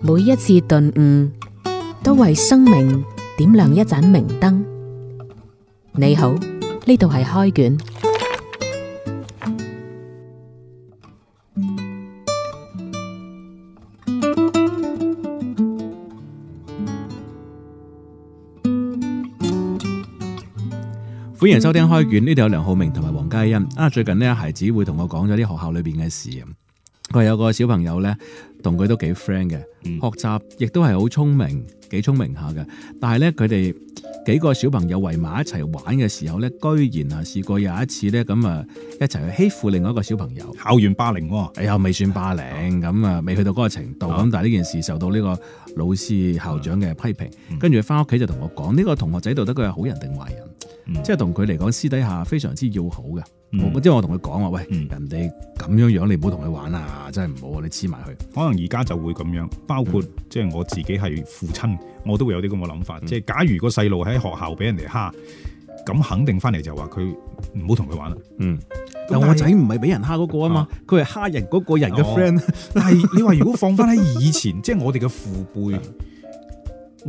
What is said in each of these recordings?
每一次頓悟，都為生命點亮一盞明燈。你好，呢度係開卷。歡迎收聽開卷，呢度有梁浩明同埋黃嘉欣。啊，最近呢，孩子會同我講咗啲學校裏邊嘅事。佢有個小朋友呢，同佢都幾 friend 嘅，嗯、學習亦都係好聰明，幾、嗯、聰明下嘅。但係呢，佢哋幾個小朋友圍埋一齊玩嘅時候呢，居然啊試過有一次呢，咁啊一齊去欺負另外一個小朋友，校園霸凌喎、哦。哎呀，未算霸凌，咁啊、嗯、未去到嗰個程度。咁、嗯、但係呢件事受到呢個老師校長嘅批評，嗯嗯、跟住佢返屋企就同我講：呢、呢個同學仔到底佢係好人定壞人？嗯、即係同佢嚟講私底下非常之要好嘅。我即係我同佢講話，喂，人哋咁樣樣，你唔好同佢玩啊！真係唔好，你黐埋去，可能而家就會咁樣，包括即係我自己係父親，我都會有啲咁嘅諗法。即係假如個細路喺學校俾人哋蝦，咁肯定翻嚟，就話佢唔好同佢玩啦。嗯，但我仔唔係俾人蝦嗰個啊嘛，佢係蝦人嗰個人嘅 friend。但係你話如果放翻喺以前，即係我哋嘅父輩，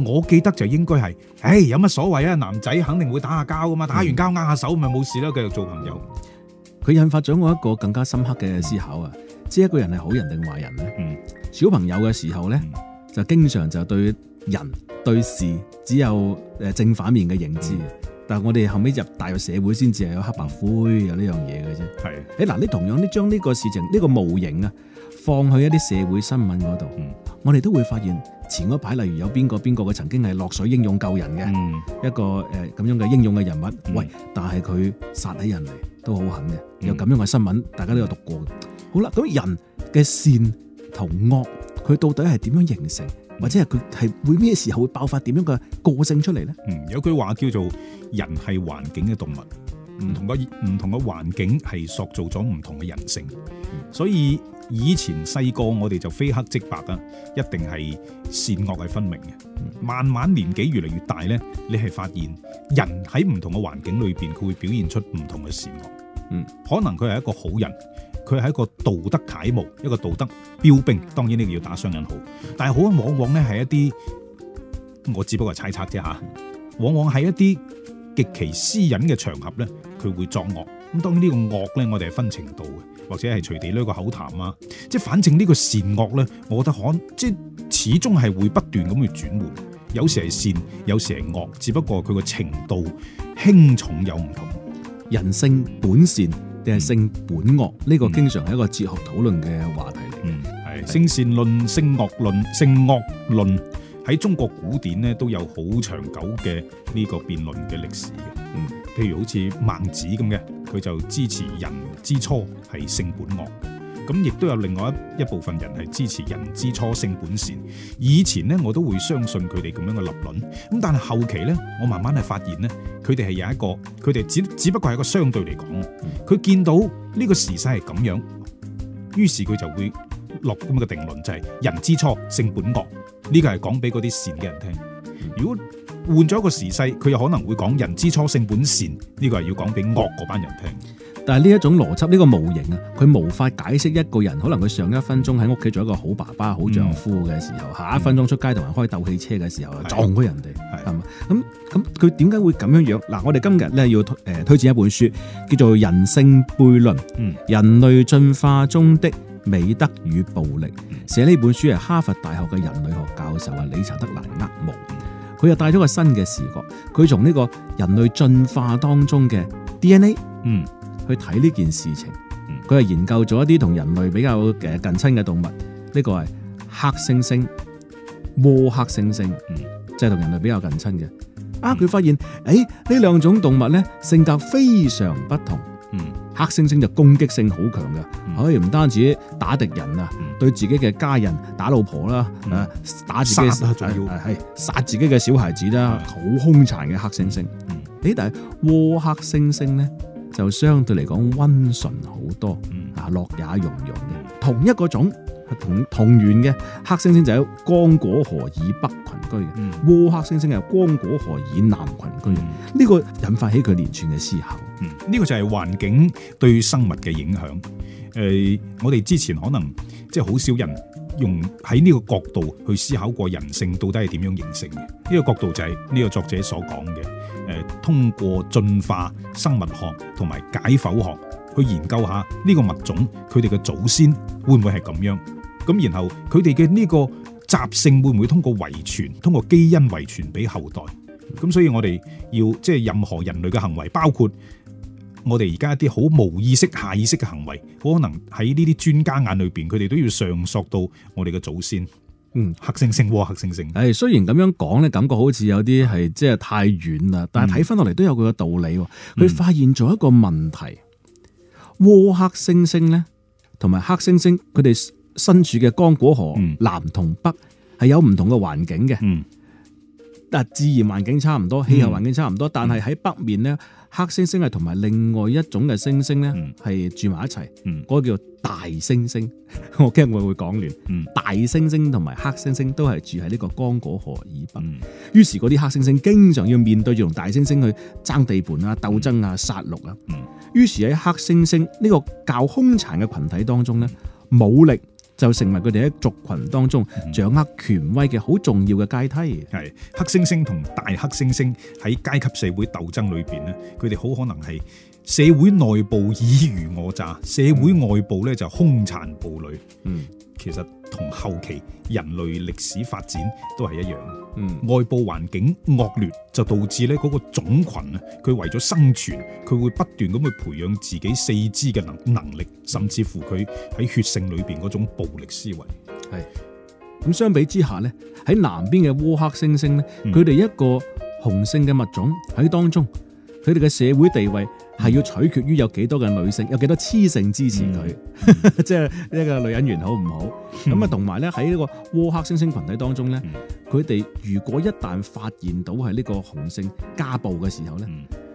我記得就應該係，誒，有乜所謂啊？男仔肯定會打下交噶嘛，打完交握下手咪冇事啦，繼續做朋友。佢引發咗我一個更加深刻嘅思考啊！嗯、即係一個人係好人定壞人咧？嗯、小朋友嘅時候咧，嗯、就經常就對人對事只有誒正反面嘅認知，嗯、但係我哋後尾入大學社會先至係有黑白灰有呢樣嘢嘅啫。係誒嗱，你同樣你將呢個事情呢、呢個模型啊放去一啲社會新聞嗰度，嗯、我哋都會發現前嗰排例如有邊個邊個嘅曾經係落水英勇救人嘅、嗯、一個誒咁、呃、樣嘅英勇嘅人物，喂，但係佢殺起人嚟。都好狠嘅，有咁樣嘅新聞，大家都有讀過嘅。好啦，咁人嘅善同惡，佢到底係點樣形成，或者係佢係會咩時候會爆發點樣嘅個性出嚟呢？嗯，有一句話叫做人係環境嘅動物，唔同嘅唔同嘅環境係塑造咗唔同嘅人性。所以以前細個我哋就非黑即白啊，一定係善惡係分明嘅。慢慢年紀越嚟越大咧，你係發現人喺唔同嘅環境裏邊，佢會表現出唔同嘅善惡。嗯，可能佢係一個好人，佢係一個道德楷模，一個道德標兵。當然呢個要打雙引號。但係好人往往咧係一啲，我只不過猜測啫吓。往往係一啲極其私隱嘅場合咧，佢會作惡。咁當然呢個惡咧，我哋係分程度嘅，或者係隨地攞個口痰啊，即係反正呢個善惡咧，我覺得可即係始終係會不斷咁去轉換。有時係善，有時係惡，只不過佢個程度輕重有唔同。人性本善定係性本惡？呢、嗯、個經常係一個哲學討論嘅話題嚟嘅。係性、嗯、善論、性惡論、性惡論喺中國古典咧都有好長久嘅呢個辯論嘅歷史嘅。嗯，譬如好似孟子咁嘅，佢就支持人之初係性本惡。咁亦都有另外一一部分人係支持人之初性本善。以前咧，我都會相信佢哋咁樣嘅立論。咁但係後期咧，我慢慢係發現咧，佢哋係有一個，佢哋只只不過係一個相對嚟講。佢見到呢個時勢係咁樣，於是佢就會落咁嘅定論，就係、是、人之初性本惡。呢、這個係講俾嗰啲善嘅人聽。如果換咗一個時勢，佢又可能會講人之初性本善。呢、這個係要講俾惡嗰班人聽。但係呢一種邏輯，呢、呢個模型啊，佢無法解釋一個人可能佢上一分鐘喺屋企做一個好爸爸、好丈夫嘅時候，嗯、下一分鐘出街同、嗯、人開鬥氣車嘅時候、嗯、撞開人哋係嘛？咁咁佢點解會咁樣樣嗱？我哋今日咧要推推薦一本書，叫做《人性悖論：嗯、人類進化中的美德與暴力》嗯。寫呢本書係哈佛大學嘅人類學教授啊，理、嗯、查德蘭·蘭厄姆，佢又帶咗個新嘅視角，佢從呢個人類進化當中嘅 DNA，嗯。去睇呢件事情，佢係研究咗一啲同人類比較嘅近親嘅動物，呢個係黑猩猩、倭黑猩猩，即係同人類比較近親嘅，嗯。啊，佢發現誒呢兩種動物咧性格非常不同。嗯、黑猩猩就攻擊性好強嘅，可以唔單止打敵人啊，對自己嘅家人打老婆啦，吓打自己嘅，仲要係殺自己嘅小孩子啦，好、嗯、兇殘嘅黑猩猩。誒、嗯，嗯、但係倭黑猩猩咧？就相對嚟講溫順好多，啊、嗯，樂也融融嘅。同一個種系同同源嘅黑猩猩就有剛果河以北群居嘅，倭、嗯、黑猩猩係剛果河以南群居嘅。呢、嗯、個引發起佢連串嘅思考。呢、嗯，這個就係環境對生物嘅影響。誒、呃，我哋之前可能即係好少人用喺呢個角度去思考過人性到底係點樣形成嘅。呢、這個角度就係呢個作者所講嘅。誒，通過進化生物學同埋解剖學去研究下呢個物種，佢哋嘅祖先會唔會係咁樣？咁然後佢哋嘅呢個習性會唔會通過遺傳，通過基因遺傳俾後代？咁所以我哋要即係任何人類嘅行為，包括我哋而家一啲好無意識、下意識嘅行為，可能喺呢啲專家眼裏邊，佢哋都要上溯到我哋嘅祖先。嗯、黑猩猩、窩黑猩猩，係雖然咁樣講咧，感覺好似有啲係即係太遠啦，嗯、但係睇翻落嚟都有佢嘅道理。佢發現咗一個問題，窩、嗯、黑猩猩咧，同埋黑猩猩佢哋身處嘅剛果河、嗯、南同北係有唔同嘅環境嘅。但、嗯、自然環境差唔多，氣候環境差唔多，嗯、但係喺北面咧。黑猩猩係同埋另外一種嘅猩猩咧，係、嗯、住埋一齊。嗰、嗯、個叫做大猩猩， 我驚我會講亂。嗯、大猩猩同埋黑猩猩都係住喺呢個剛果河以北。於、嗯、是嗰啲黑猩猩經常要面對住同大猩猩去爭地盤啊、鬥爭啊、殺戮啊。於、嗯、是喺黑猩猩呢個較兇殘嘅群體當中咧，武力。就成為佢哋喺族群當中掌握權威嘅好重要嘅階梯。係、嗯、黑猩猩同大黑猩猩喺階級社會鬥爭裏邊咧，佢哋好可能係社會內部以虞我詐，社會外部咧就兇、是、殘暴戾。嗯。其實同後期人類歷史發展都係一樣，嗯、外部環境惡劣就導致咧嗰個種群啊，佢為咗生存，佢會不斷咁去培養自己四肢嘅能能力，甚至乎佢喺血性裏邊嗰種暴力思維。係，咁相比之下呢，喺南邊嘅倭黑猩猩呢，佢哋一個雄性嘅物種喺當中，佢哋嘅社會地位，係要取決於有幾多嘅女性，有幾多雌性支持佢，嗯、 即係呢個女人緣好唔好？咁啊、嗯，同埋咧喺呢個倭黑猩猩群體當中咧，佢哋、嗯、如果一旦發現到係呢個雄性家暴嘅時候咧，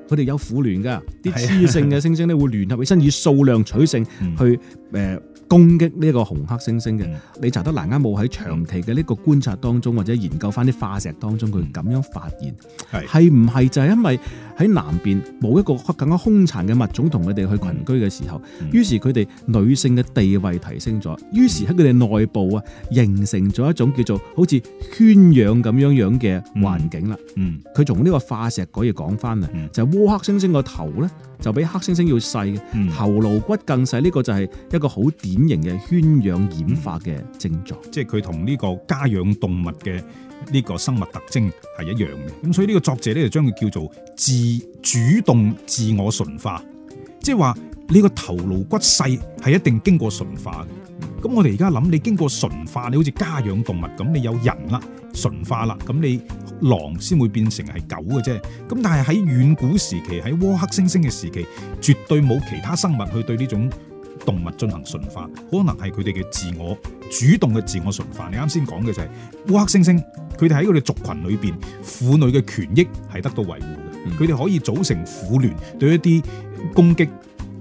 佢哋、嗯、有婦聯㗎，啲雌、嗯、性嘅猩猩咧會聯合起身、嗯、以數量取勝去誒。嗯呃攻擊呢一個紅黑猩猩嘅，你、嗯、查得難啱冇喺長期嘅呢個觀察當中，嗯、或者研究翻啲化石當中，佢咁、嗯、樣發現係唔係就係因為喺南邊冇一個更加兇殘嘅物種同佢哋去群居嘅時候，嗯、於是佢哋女性嘅地位提升咗，嗯、於是喺佢哋內部啊形成咗一種叫做好似圈養咁樣樣嘅環境啦。嗯，佢、嗯、從呢個化石嗰嘢講翻啊，嗯、就係烏黑猩猩個頭呢。就比黑猩猩要細嘅頭顱骨更細，呢、嗯、個就係一個好典型嘅圈養演化嘅症狀，即係佢同呢個家養動物嘅呢個生物特徵係一樣嘅。咁所以呢個作者咧就將佢叫做自主動自我馴化，即係話你個頭顱骨細係一定經過馴化嘅。咁我哋而家諗你經過馴化，你好似家養動物咁，你有人啦。馴化啦，咁你狼先會變成係狗嘅啫。咁但係喺遠古時期，喺倭黑猩猩嘅時期，絕對冇其他生物去對呢種動物進行馴化，可能係佢哋嘅自我主動嘅自我馴化。你啱先講嘅就係倭黑猩猩，佢哋喺佢哋族群裏邊，婦女嘅權益係得到維護嘅，佢哋、嗯、可以組成婦聯對一啲攻擊。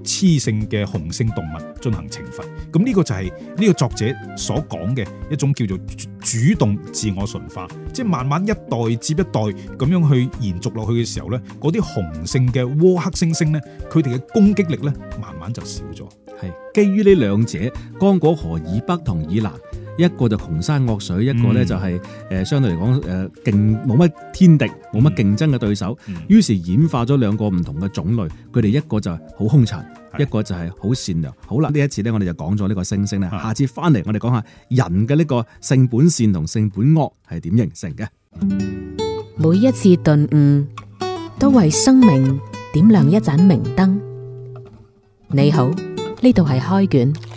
雌性嘅雄性動物進行懲罰，咁呢個就係呢個作者所講嘅一種叫做主動自我馴化，即係慢慢一代接一代咁樣去延續落去嘅時候呢，嗰啲雄性嘅倭黑猩猩呢，佢哋嘅攻擊力呢，慢慢就少咗。係基於呢兩者，剛果河以北同以南。一個就窮山惡水，一個咧就係、是、誒、嗯呃、相對嚟講誒競冇乜天敵，冇乜競爭嘅對手。嗯、於是演化咗兩個唔同嘅種類，佢哋一個就好兇殘，是的 一個就係好善良。好啦，呢一次咧我哋就講咗呢個猩猩咧，下次翻嚟我哋講下人嘅呢個性本善同性本惡係點形成嘅、嗯。每一次頓悟，都為生命點亮一盞明燈。你好，呢度係開卷。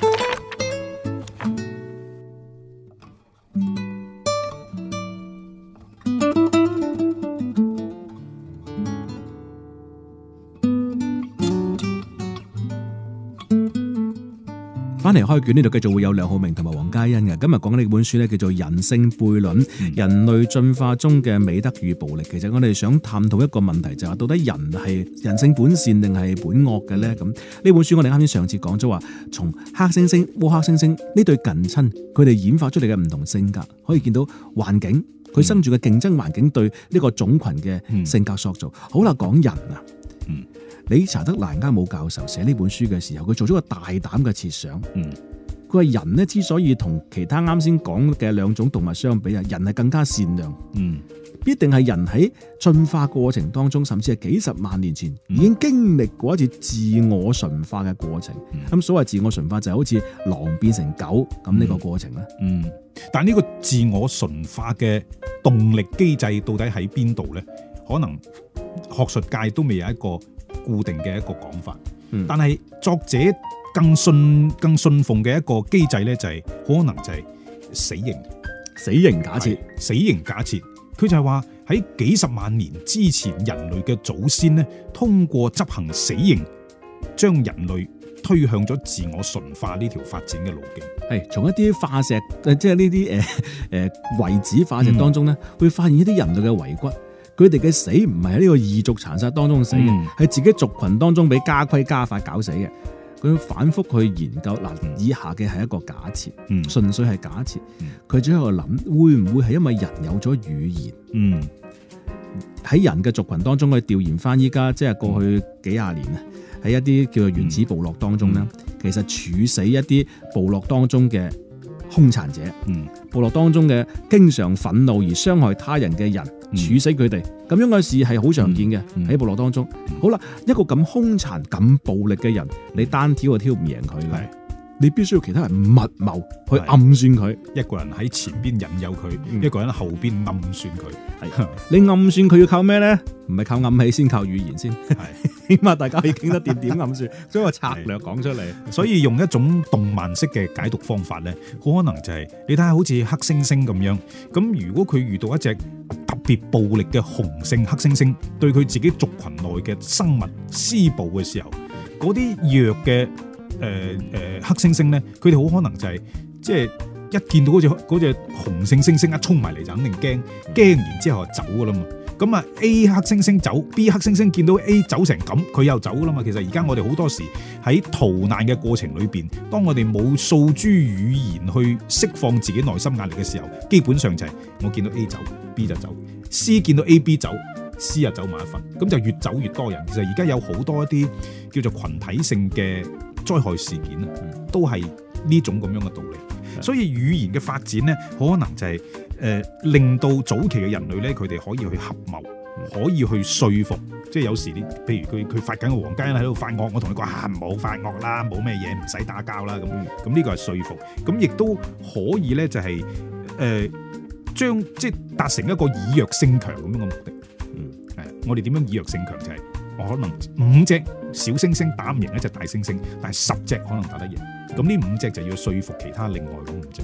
嚟開卷呢度繼續會有梁浩明同埋黃嘉欣嘅，今日講緊呢本書呢，叫做《人性悖論：人類進化中嘅美德與暴力》。其實我哋想探討一個問題，就是，就係到底人係人性本善定係本惡嘅呢？咁呢本書我哋啱先上次講咗話，從黑猩猩、倭黑猩猩呢對近親，佢哋演化出嚟嘅唔同性格，可以見到環境佢生存嘅競爭環境對呢個種群嘅性格塑造，好啦，講人啊。理查德·蘭加姆教授寫呢本書嘅時候，佢做咗個大膽嘅設想。嗯，佢話人咧之所以同其他啱先講嘅兩種動物相比啊，人係更加善良。嗯，必定係人喺進化過程當中，甚至係幾十萬年前、嗯、已經經歷過一次自我馴化嘅過程。咁、嗯、所謂自我馴化就係好似狼變成狗咁呢個過程咧、嗯。嗯，但係呢個自我馴化嘅動力機制到底喺邊度咧？可能學術界都未有一個固定嘅一個講法，嗯、但係作者更信更信奉嘅一個機制咧，就係、是、可能就係死刑，死刑。死刑假設，死刑假設，佢就係話喺幾十萬年之前，人類嘅祖先咧，通過執行死刑，將人類推向咗自我馴化呢條發展嘅路徑。係從一啲化石，即係呢啲誒誒遺址化石當中咧，嗯、會發現一啲人類嘅遺骨。佢哋嘅死唔係喺呢個異族殘殺當中死嘅，係、嗯、自己族群當中俾家規家法搞死嘅。佢反復去研究，嗱、呃，以下嘅係一個假設，純、嗯、粹係假設。佢只係喺度諗，會唔會係因為人有咗語言？嗯，喺人嘅族群當中去調研翻，依家即係過去幾廿年啊，喺一啲叫做原始部落當中咧，嗯嗯、其實處死一啲部落當中嘅凶殘者，嗯、部落當中嘅經常憤怒而傷害他人嘅人，嗯、處死佢哋，咁樣嘅事係好常見嘅喺、嗯、部落當中。嗯、好啦，一個咁凶殘、咁暴力嘅人，你單挑就挑唔贏佢嘅。你必須要其他人密謀去暗算佢，一個人喺前邊引誘佢，嗯、一個人後邊暗算佢。係， 你暗算佢要靠咩咧？唔係靠暗器，先靠語言先。係，起碼大家可以傾得掂點暗算，將個 策略講出嚟。是 所以用一種動漫式嘅解讀方法咧，好可能就係、是、你睇下，好似黑猩猩咁樣。咁如果佢遇到一隻特別暴力嘅雄性黑猩猩，對佢自己族群內嘅生物施暴嘅時候，嗰啲弱嘅。誒誒、呃呃、黑猩猩咧，佢哋好可能就係即係一見到嗰隻隻紅猩猩一衝埋嚟就肯定驚驚，完之後就走噶啦嘛。咁啊 A 黑猩猩走，B 黑猩猩見到 A 走成咁，佢又走噶啦嘛。其實而家我哋好多時喺逃難嘅過程裏邊，當我哋冇訴諸語言去釋放自己內心壓力嘅時候，基本上就係我見到 A 走，B 就走，C 見到 A B 走，C 啊走埋一份，咁就越走越多人。其實而家有好多一啲叫做群體性嘅。災害事件啦，都係呢種咁樣嘅道理。所以語言嘅發展咧，可能就係、是、誒、呃、令到早期嘅人類咧，佢哋可以去合謀，可以去說服。即係有時你，譬如佢佢發緊個黃家欣喺度發惡，我同你講吓冇發惡啦，冇咩嘢，唔使打交啦。咁咁呢個係說服。咁亦都可以咧，就係、是、誒、呃、將即係達成一個以弱勝強咁樣嘅目的。目的，嗯，係。我哋點樣以弱勝強就係、是？可能五隻小猩猩打唔贏一隻大猩猩，但係十隻可能打得贏。咁呢五隻就要説服其他另外五隻。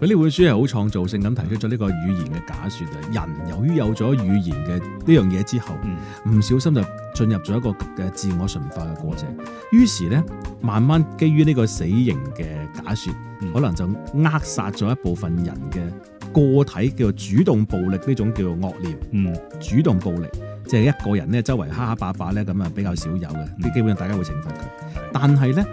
佢呢本書係好創造性咁提出咗呢個語言嘅假説啊。人由於有咗語言嘅呢樣嘢之後，唔、嗯、小心就進入咗一個嘅自我馴化嘅過程。於是呢，慢慢基於呢個死刑嘅假説，嗯、可能就扼殺咗一部分人嘅個體叫做主動暴力呢種叫做惡念。嗯，主動暴力。即係一個人咧，周圍蝦蝦霸霸咧，咁啊比較少有嘅，基本上大家會懲罰佢。嗯、但係咧，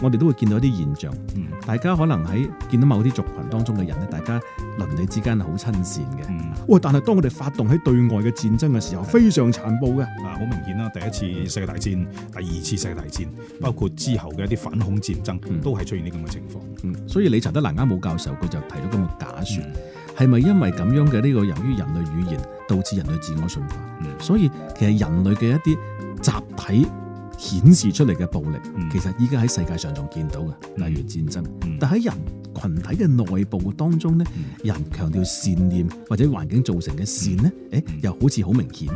我哋都會見到一啲現象，嗯、大家可能喺見到某啲族群當中嘅人咧，大家鄰里之間係好親善嘅。哇、嗯！但係當我哋發動喺對外嘅戰爭嘅時候，嗯、非常殘暴嘅，好明顯啦。第一次世界大戰、第二次世界大戰，嗯、包括之後嘅一啲反恐戰爭，嗯、都係出現啲咁嘅情況。嗯、所以理查德蘭加姆教授佢就提咗個假説。嗯係咪因為咁樣嘅呢個由於人類語言導致人類自我馴化？嗯、所以其實人類嘅一啲集體顯示出嚟嘅暴力，嗯、其實依家喺世界上仲見到嘅，例如戰爭。嗯、但喺人群體嘅內部當中咧，嗯、人強調善念或者環境造成嘅善呢，誒、嗯欸，又好似好明顯。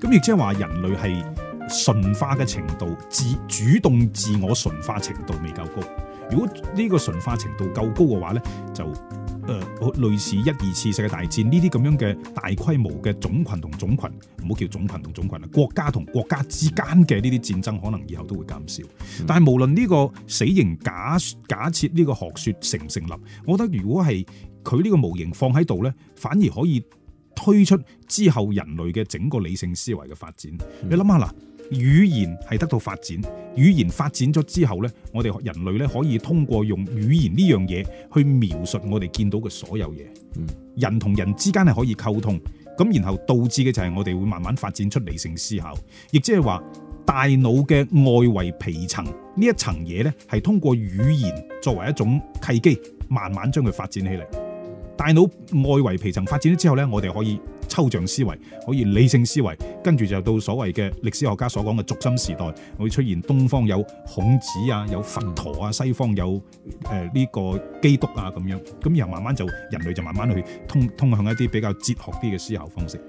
咁亦即係話人類係馴化嘅程度，自主動自我馴化程度未夠高。如果呢個馴化程度夠高嘅話呢，就誒、呃，類似一二次世界大戰呢啲咁樣嘅大規模嘅種群同種群，唔好叫種群同種群啦，國家同國家之間嘅呢啲戰爭，可能以後都會減少。嗯、但係無論呢個死刑假假設呢個學說成唔成立，我覺得如果係佢呢個模型放喺度呢，反而可以推出之後人類嘅整個理性思維嘅發展。嗯、你諗下嗱。語言係得到發展，語言發展咗之後呢，我哋人類呢，可以通過用語言呢樣嘢去描述我哋見到嘅所有嘢。嗯，人同人之間係可以溝通，咁然後導致嘅就係我哋會慢慢發展出理性思考，亦即係話大腦嘅外圍皮層呢一層嘢呢，係通過語言作為一種契機，慢慢將佢發展起嚟。大腦外圍皮層發展咗之後呢，我哋可以。抽象思維可以理性思維，跟住就到所謂嘅歷史學家所講嘅軸心時代，會出現東方有孔子啊，有佛陀啊，西方有誒呢個基督啊咁樣，咁然後慢慢就人類就慢慢去通通向一啲比較哲學啲嘅思考方式。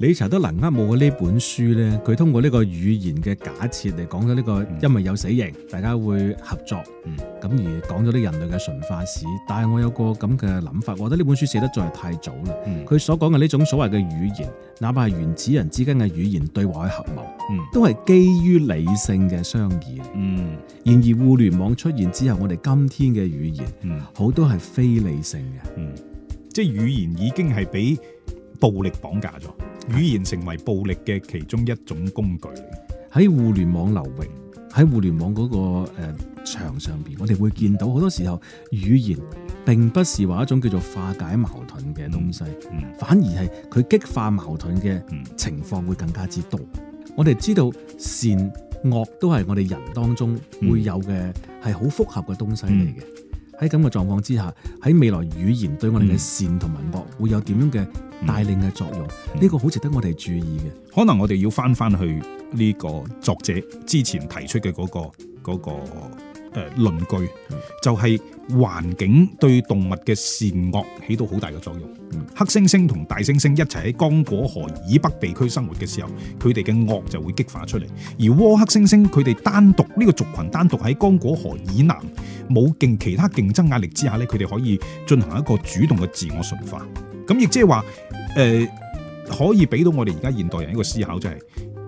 理查德蘭厄姆嘅呢本書咧，佢通過呢個語言嘅假設嚟講咗、這、呢個、嗯、因為有死刑，大家會合作，咁、嗯、而講咗啲人類嘅馴化史。但係我有個咁嘅諗法，我覺得呢本書寫得再係太早啦。佢、嗯、所講嘅呢種所謂嘅語言，哪怕係原始人之間嘅語言對話嘅合謀，嗯、都係基於理性嘅商議。嗯、然而互聯網出現之後，我哋今天嘅語言好、嗯、多係非理性嘅、嗯，即係語言已經係俾暴力綁架咗。語言成為暴力嘅其中一種工具。喺互聯網流域，喺互聯網嗰、那個誒牆、呃、上邊，我哋會見到好多時候語言並不是話一種叫做化解矛盾嘅東西，嗯嗯、反而係佢激化矛盾嘅情況會更加之多。我哋知道善惡都係我哋人當中會有嘅係好複合嘅東西嚟嘅。嗯嗯嗯喺咁嘅狀況之下，喺未來語言對我哋嘅善同、嗯、文脈會有點樣嘅帶領嘅作用，呢、嗯、個好值得我哋注意嘅、嗯嗯。可能我哋要翻翻去呢個作者之前提出嘅嗰個嗰個。嗰個誒論據就係環境對動物嘅善惡起到好大嘅作用。嗯、黑猩猩同大猩猩一齊喺剛果河以北地區生活嘅時候，佢哋嘅惡就會激化出嚟；而倭黑猩猩佢哋單獨呢、呢個族群單獨喺剛果河以南，冇競其他競爭壓力之下呢，佢哋可以進行一個主動嘅自我馴化。咁亦即係話誒，可以俾到我哋而家現代人一個思考，就係、係、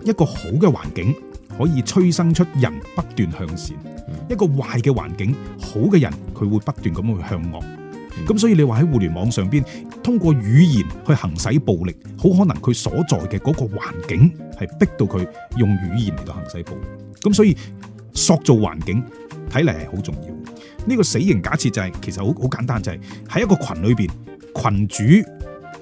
一個好嘅環境。可以催生出人不斷向善，嗯、一個壞嘅環境，好嘅人佢會不斷咁去向惡，咁、嗯、所以你話喺互聯網上邊，通過語言去行使暴力，好可能佢所在嘅嗰個環境係逼到佢用語言嚟到行使暴力，咁所以塑造環境睇嚟係好重要。呢、這個死刑假設就係、是、其實好好簡單，就係、是、喺一個群裏邊，群主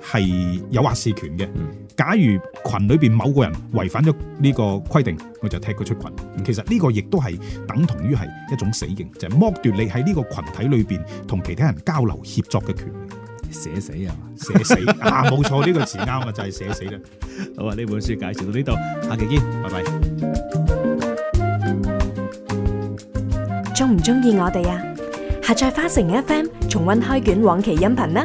係有話事權嘅。嗯假如群裏邊某個人違反咗呢個規定，我就踢佢出群。其實呢個亦都係等同於係一種死刑，就係剝奪你喺呢個群體裏邊同其他人交流協作嘅權利。社死啊，社死啊，冇錯，呢個詞啱啊，就係社死啦。好啊，呢本書介紹到呢度，下期見，拜拜。中唔中意我哋啊？下載花城 FM 重溫開卷往期音頻啦！